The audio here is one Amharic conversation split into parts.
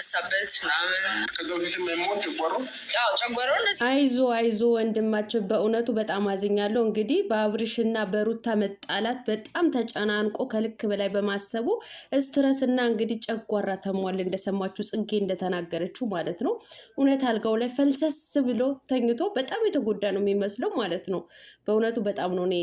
የሚፈሳበት ምናምን አይዞ አይዞ ወንድማችን፣ በእውነቱ በጣም አዝኛለሁ። እንግዲህ በአብርሽና በሩታ መጣላት በጣም ተጨናንቆ ከልክ በላይ በማሰቡ ስትረስ እና እንግዲህ ጨጓራ ተሟል እንደሰማችሁ ጽጌ እንደተናገረችው ማለት ነው። እውነት አልጋው ላይ ፈልሰስ ብሎ ተኝቶ በጣም የተጎዳ ነው የሚመስለው ማለት ነው። በእውነቱ በጣም ነው እኔ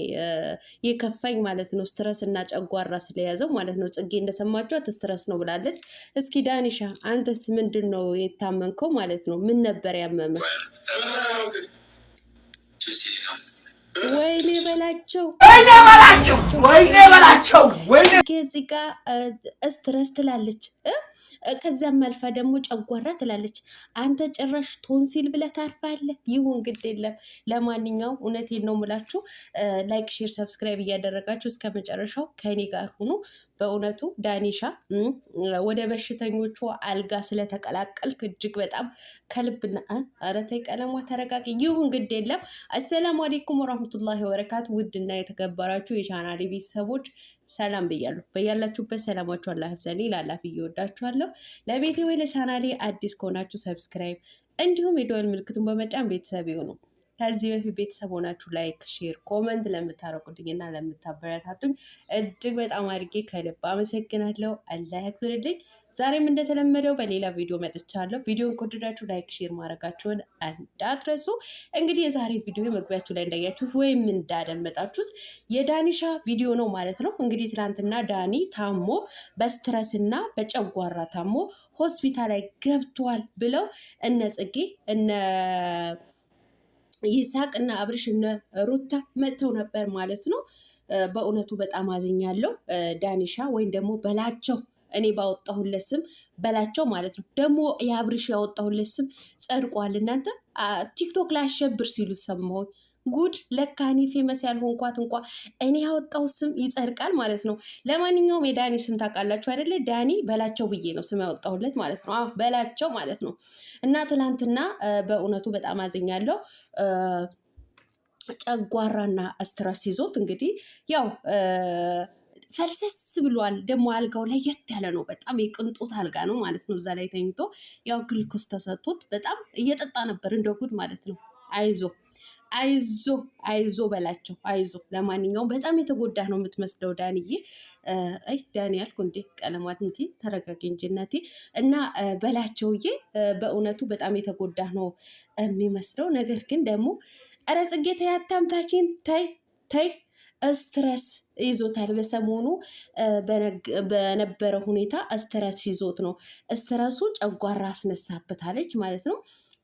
የከፋኝ ማለት ነው። ስትረስ እና ጨጓራ ስለያዘው ማለት ነው። ጽጌ እንደሰማችኋት ስትረስ ነው ብላለች። እስኪ ዳኒሻ አንተስ ምንድን ነው የታመንከው ማለት ነው? ምን ነበር ያመመ? ወይኔ በላቸው ወይኔ በላቸው ወይኔ እዚህ ጋ ስትረስ ትላለች ከዚያም አልፋ ደግሞ ጨጓራ ትላለች። አንተ ጭራሽ ቶንሲል ብለህ ታርፋለህ። ይሁን ግድ የለም። ለማንኛውም እውነቴን ነው የምላችሁ፣ ላይክ፣ ሼር፣ ሰብስክራይብ እያደረጋችሁ እስከ መጨረሻው ከእኔ ጋር ሁኑ። በእውነቱ ዳኒሻ ወደ በሽተኞቹ አልጋ ስለተቀላቀልክ እጅግ በጣም ከልብና አረታይ ቀለሟ ተረጋቂ። ይሁን ግድ የለም። አሰላሙ አሌይኩም ወራህመቱላሂ ወበረካቱ። ውድና የተከበራችሁ የቻናሌ ቤተሰቦች ሰላም ብያለሁ። በያላችሁበት ሰላማችሁ አላህ ብዛሌ ላላፍ እየወዳችኋለሁ። ለቤቴ ወይ ለቻናሌ አዲስ ከሆናችሁ ሰብስክራይብ እንዲሁም የደወል ምልክቱን በመጫን ቤተሰብ ይሁኑ። ከዚህ በፊት ቤተሰብ ሆናችሁ ላይክ፣ ሼር፣ ኮመንት እና ለምታበረታቱኝ እጅግ በጣም አድርጌ ከልብ አመሰግናለሁ። አላህ ያክብርልኝ። ዛሬም እንደተለመደው በሌላ ቪዲዮ መጥቻለሁ። ቪዲዮን ከወደዳችሁ ላይክ፣ ሼር ማድረጋችሁን እንዳትረሱ። እንግዲህ የዛሬ ቪዲዮ መግቢያችሁ ላይ እንዳያችሁት ወይም እንዳደመጣችሁት የዳኒሻ ቪዲዮ ነው ማለት ነው። እንግዲህ ትናንትና ዳኒ ታሞ በስትረስ እና በጨጓራ ታሞ ሆስፒታል ላይ ገብቷል ብለው እነ ጽጌ እነ ይስሐቅ እና አብርሽ እነ ሩታ መጥተው ነበር ማለት ነው። በእውነቱ በጣም አዝኛለሁ ዳኒሻ ወይም ደግሞ በላቸው እኔ ባወጣሁለት ስም በላቸው ማለት ነው። ደግሞ የአብርሽ ያወጣሁለት ስም ጸድቋል። እናንተ ቲክቶክ ላይ አሸብር ሲሉ ሰማሁኝ። ጉድ ለካ እኔ ፌመስ ያልሆንኳት እንኳ እኔ ያወጣው ስም ይጸድቃል ማለት ነው። ለማንኛውም የዳኒ ስም ታውቃላችሁ አይደለ? ዳኒ በላቸው ብዬ ነው ስም ያወጣሁለት ማለት ነው። በላቸው ማለት ነው። እና ትናንትና በእውነቱ በጣም አዝኛለሁ። ጨጓራና ስትረስ ይዞት እንግዲህ ያው ፈልሰስ ብሏል። ደግሞ አልጋው ለየት ያለ ነው። በጣም የቅንጦት አልጋ ነው ማለት ነው። እዛ ላይ ተኝቶ ያው ግልኮስ ተሰጥቶት በጣም እየጠጣ ነበር እንደ ጉድ ማለት ነው። አይዞ አይዞ አይዞ በላቸው አይዞ። ለማንኛውም በጣም የተጎዳ ነው የምትመስለው ዳንዬ። አይ ዳኒ ኩንዴ ቀለማት እንጂ ተረጋጊ እንጂ እናቴ። እና በላቸውዬ በእውነቱ በጣም የተጎዳ ነው የሚመስለው። ነገር ግን ደግሞ ኧረ ጽጌ ተይ አታምታችን፣ ተይ ተይ ስትረስ ይዞታል። በሰሞኑ በነበረ ሁኔታ ስትረስ ይዞት ነው። ስትረሱ ጨጓራ አስነሳበታለች ማለት ነው።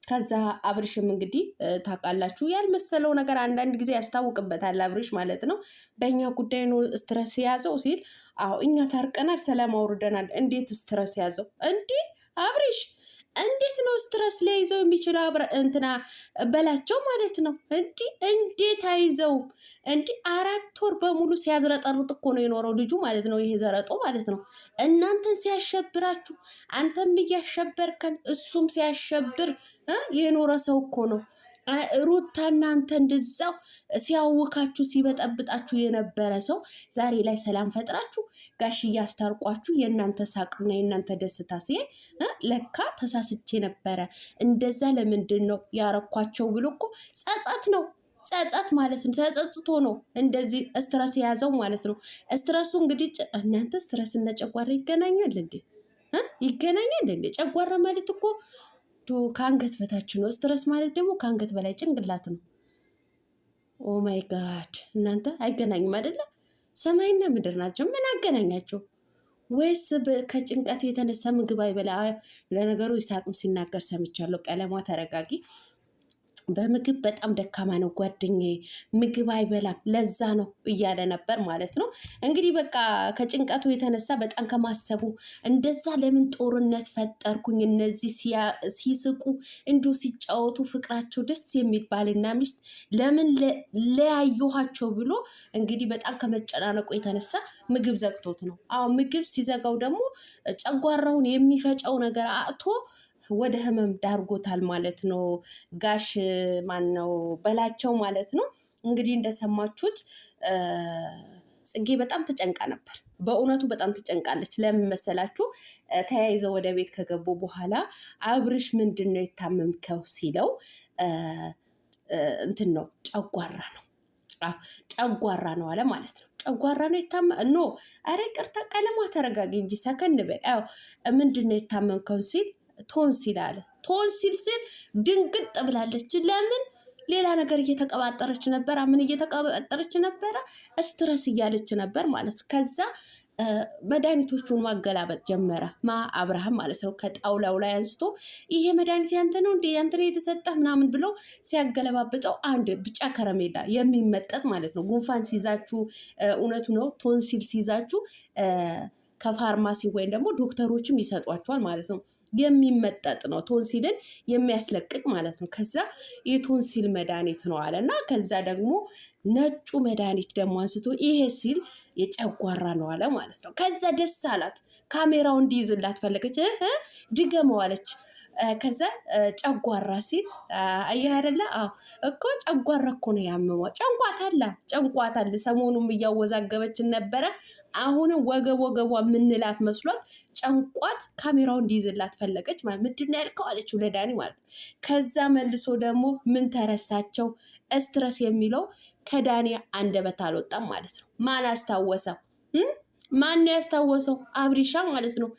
ከዛ አብርሽም እንግዲህ ታውቃላችሁ ያልመሰለው ነገር አንዳንድ ጊዜ ያስታውቅበታል። አብርሽ ማለት ነው በእኛ ጉዳይ ነው ስትረስ የያዘው ሲል፣ አዎ እኛ ታርቀናል፣ ሰላም አውርደናል። እንዴት ስትረስ ያዘው እንዲህ አብርሽ እንዴት ነው ስትረስ ሊያይዘው የሚችለው? አብረ እንትና በላቸው ማለት ነው። እንዲ እንዴት አይዘውም? እንዲ አራት ወር በሙሉ ሲያዝረጠርጥ እኮ ነው የኖረው ልጁ ማለት ነው። ይሄ ዘረጦ ማለት ነው። እናንተን ሲያሸብራችሁ፣ አንተም እያሸበርከን እሱም ሲያሸብር የኖረ ሰው እኮ ነው። ሩታ እናንተ እንደዛው ሲያውካችሁ ሲበጠብጣችሁ የነበረ ሰው ዛሬ ላይ ሰላም ፈጥራችሁ ጋሽ እያስታርቋችሁ የእናንተ ሳቅና የእናንተ ደስታ ሲያይ ለካ ተሳስቼ ነበረ እንደዛ ለምንድን ነው ያረኳቸው ብሎ እኮ ጸጸት ነው ጸጸት ማለት ነው። ተጸጽቶ ነው እንደዚህ ስትረስ የያዘው ማለት ነው። ስትረሱ እንግዲህ እናንተ እና ጨጓራ ይገናኛል እንዴ? ይገናኛል እንዴ? ጨጓራ ማለት እኮ ከአንገት በታች ነው። ስትረስ ማለት ደግሞ ከአንገት በላይ ጭንቅላት ነው። ኦ ማይ ጋድ እናንተ አይገናኝም አይደለ? ሰማይና ምድር ናቸው። ምን አገናኛቸው? ወይስ ከጭንቀት የተነሳ ምግብ አይበላ? ለነገሩ ይሳቅም ሲናገር ሰምቻለሁ። ቀለሟ ተረጋጊ በምግብ በጣም ደካማ ነው ጓደኛዬ፣ ምግብ አይበላም ለዛ ነው እያለ ነበር ማለት ነው። እንግዲህ በቃ ከጭንቀቱ የተነሳ በጣም ከማሰቡ እንደዛ ለምን ጦርነት ፈጠርኩኝ፣ እነዚህ ሲስቁ እንዲሁ ሲጫወቱ ፍቅራቸው ደስ የሚል ባልና ሚስት ለምን ለያየኋቸው ብሎ እንግዲህ በጣም ከመጨናነቁ የተነሳ ምግብ ዘግቶት ነው። አዎ ምግብ ሲዘጋው ደግሞ ጨጓራውን የሚፈጨው ነገር አጥቶ ወደ ህመም ዳርጎታል ማለት ነው። ጋሽ ማን ነው በላቸው ማለት ነው። እንግዲህ እንደሰማችሁት ጽጌ በጣም ተጨንቃ ነበር። በእውነቱ በጣም ተጨንቃለች። ለምን መሰላችሁ? ተያይዘው ወደ ቤት ከገቡ በኋላ አብርሽ ምንድን ነው የታመምከው ሲለው እንትን ነው ጨጓራ ነው ጨጓራ ነው አለ ማለት ነው። ጨጓራ ነው የታመ ኖ፣ አረ ቅርታ ቀለማ ተረጋጊ እንጂ ሰከን በይ። ምንድን ነው የታመምከው ሲል ቶንሲል አለ። ቶንሲል ስል ድንግጥ ብላለች። ለምን ሌላ ነገር እየተቀባጠረች ነበር ምን እየተቀባጠረች ነበረ፣ እስትረስ እያለች ነበር ማለት ነው። ከዛ መድኃኒቶቹን ማገላበጥ ጀመረ። ማ አብርሃም ማለት ነው። ከጣውላው ላይ አንስቶ ይሄ መድኃኒት ያንተ ነው እንደ ያንተ ነው የተሰጠ ምናምን ብሎ ሲያገለባብጠው አንድ ብጫ ከረሜላ የሚመጠጥ ማለት ነው። ጉንፋን ሲይዛችሁ፣ እውነቱ ነው ቶንሲል ሲይዛችሁ ከፋርማሲ ወይም ደግሞ ዶክተሮችም ይሰጧቸዋል ማለት ነው። የሚመጠጥ ነው፣ ቶንሲልን የሚያስለቅቅ ማለት ነው። ከዛ የቶንሲል መድኃኒት ነው አለ እና ከዛ ደግሞ ነጩ መድኃኒት ደግሞ አንስቶ ይሄ ሲል የጨጓራ ነው አለ ማለት ነው። ከዛ ደስ አላት፣ ካሜራው እንዲይዝላት ፈለገች፣ ድገመው አለች። ከዛ ጨጓራ ሲል አየህ አይደለ? አዎ እኮ ጨጓራ እኮ ነው ያመሟ። ጨንቋታል፣ ጨንቋታል። ሰሞኑም እያወዛገበችን ነበረ። አሁንም ወገብ ወገቧ የምንላት መስሏት ጨንቋት ካሜራው እንዲይዝላት ፈለገች። ማለት ምንድን ያልከው አለችው ለዳኒ ማለት ነው። ከዛ መልሶ ደግሞ ምን ተረሳቸው እስትረስ የሚለው ከዳኒ አንደበት አልወጣም ማለት ነው። ማን አስታወሰው? ማን ያስታወሰው? አብሪሻ ማለት ነው።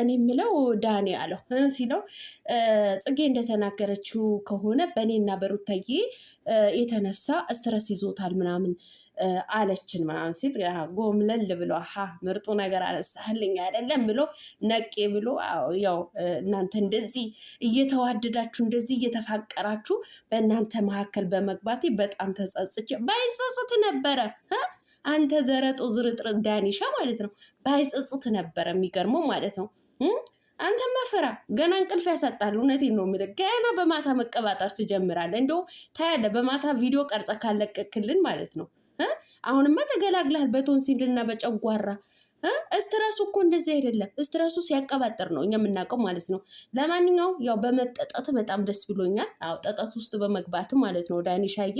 እኔ የምለው ዳኔ አለው ሲለው ጽጌ እንደተናገረችው ከሆነ በእኔና በሩታዬ የተነሳ ስትረስ ይዞታል ምናምን አለችን ምናምን ሲል ጎምለል ብሎ ሀ ምርጡ ነገር አነሳልኝ አይደለም ብሎ ነቄ ብሎ ያው እናንተ እንደዚህ እየተዋደዳችሁ እንደዚህ እየተፋቀራችሁ በእናንተ መካከል በመግባቴ በጣም ተጸጽቼ ባይጸጽት ነበረ አንተ ዘረጦ ዝርጥር ዳኒሻ ማለት ነው። ባይጸጽት ነበረ የሚገርመው ማለት ነው። አንተ መፈራ ገና እንቅልፍ ያሳጣል። እውነቴን ነው የምልህ። ገና በማታ መቀባጠር ትጀምራለህ። እንደው ታያለህ። በማታ ቪዲዮ ቀርጸ ካለቀክልን ማለት ነው። አሁንማ ተገላግላል በቶንሲልና በጨጓራ እስትረሱ እኮ እንደዚህ አይደለም። እስትረሱ ሲያቀባጥር ነው እኛ የምናውቀው ማለት ነው። ለማንኛውም ያው በመጠጠት በጣም ደስ ብሎኛል። አዎ ጠጠት ውስጥ በመግባት ማለት ነው ዳኒሻዬ።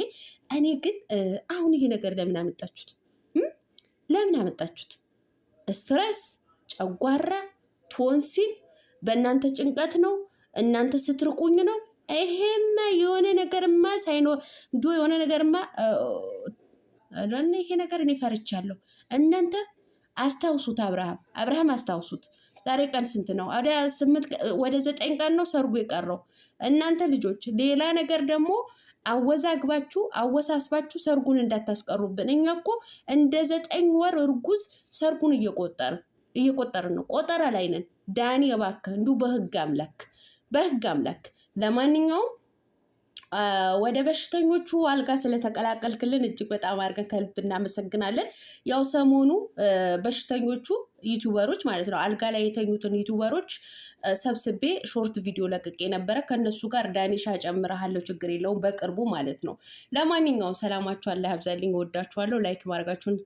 እኔ ግን አሁን ይሄ ነገር ለምን አመጣችሁት? ለምን ያመጣችሁት? ስትረስ፣ ጨጓራ፣ ቶንሲል በእናንተ ጭንቀት ነው። እናንተ ስትርቁኝ ነው። ይሄማ የሆነ ነገርማ ሳይኖር እንዶ የሆነ ነገርማ ይሄ ነገር እኔ ፈርቻለሁ። እናንተ አስታውሱት፣ አብርሃም አብርሃም አስታውሱት። ዛሬ ቀን ስንት ነው? ወደ ዘጠኝ ቀን ነው ሰርጉ የቀረው። እናንተ ልጆች ሌላ ነገር ደግሞ አወዛግባችሁ አወሳስባችሁ ሰርጉን እንዳታስቀሩብን። እኛ እኮ እንደ ዘጠኝ ወር እርጉዝ ሰርጉን እየቆጠርን እየቆጠርን ነው፣ ቆጠራ ላይ ነን። ዳኒ እባክህ እንዲሁ በህግ አምላክ በህግ አምላክ ለማንኛውም ወደ በሽተኞቹ አልጋ ስለተቀላቀልክልን እጅግ በጣም አድርገን ከልብ እናመሰግናለን። ያው ሰሞኑ በሽተኞቹ ዩቱበሮች ማለት ነው አልጋ ላይ የተኙትን ዩቱበሮች ሰብስቤ ሾርት ቪዲዮ ለቅቄ ነበረ። ከእነሱ ጋር ዳኒሻ ጨምረሃለው፣ ችግር የለውም በቅርቡ ማለት ነው። ለማንኛውም ሰላማችሁ ላይ አብዛልኝ፣ ወዳችኋለሁ። ላይክ ማድረጋችሁን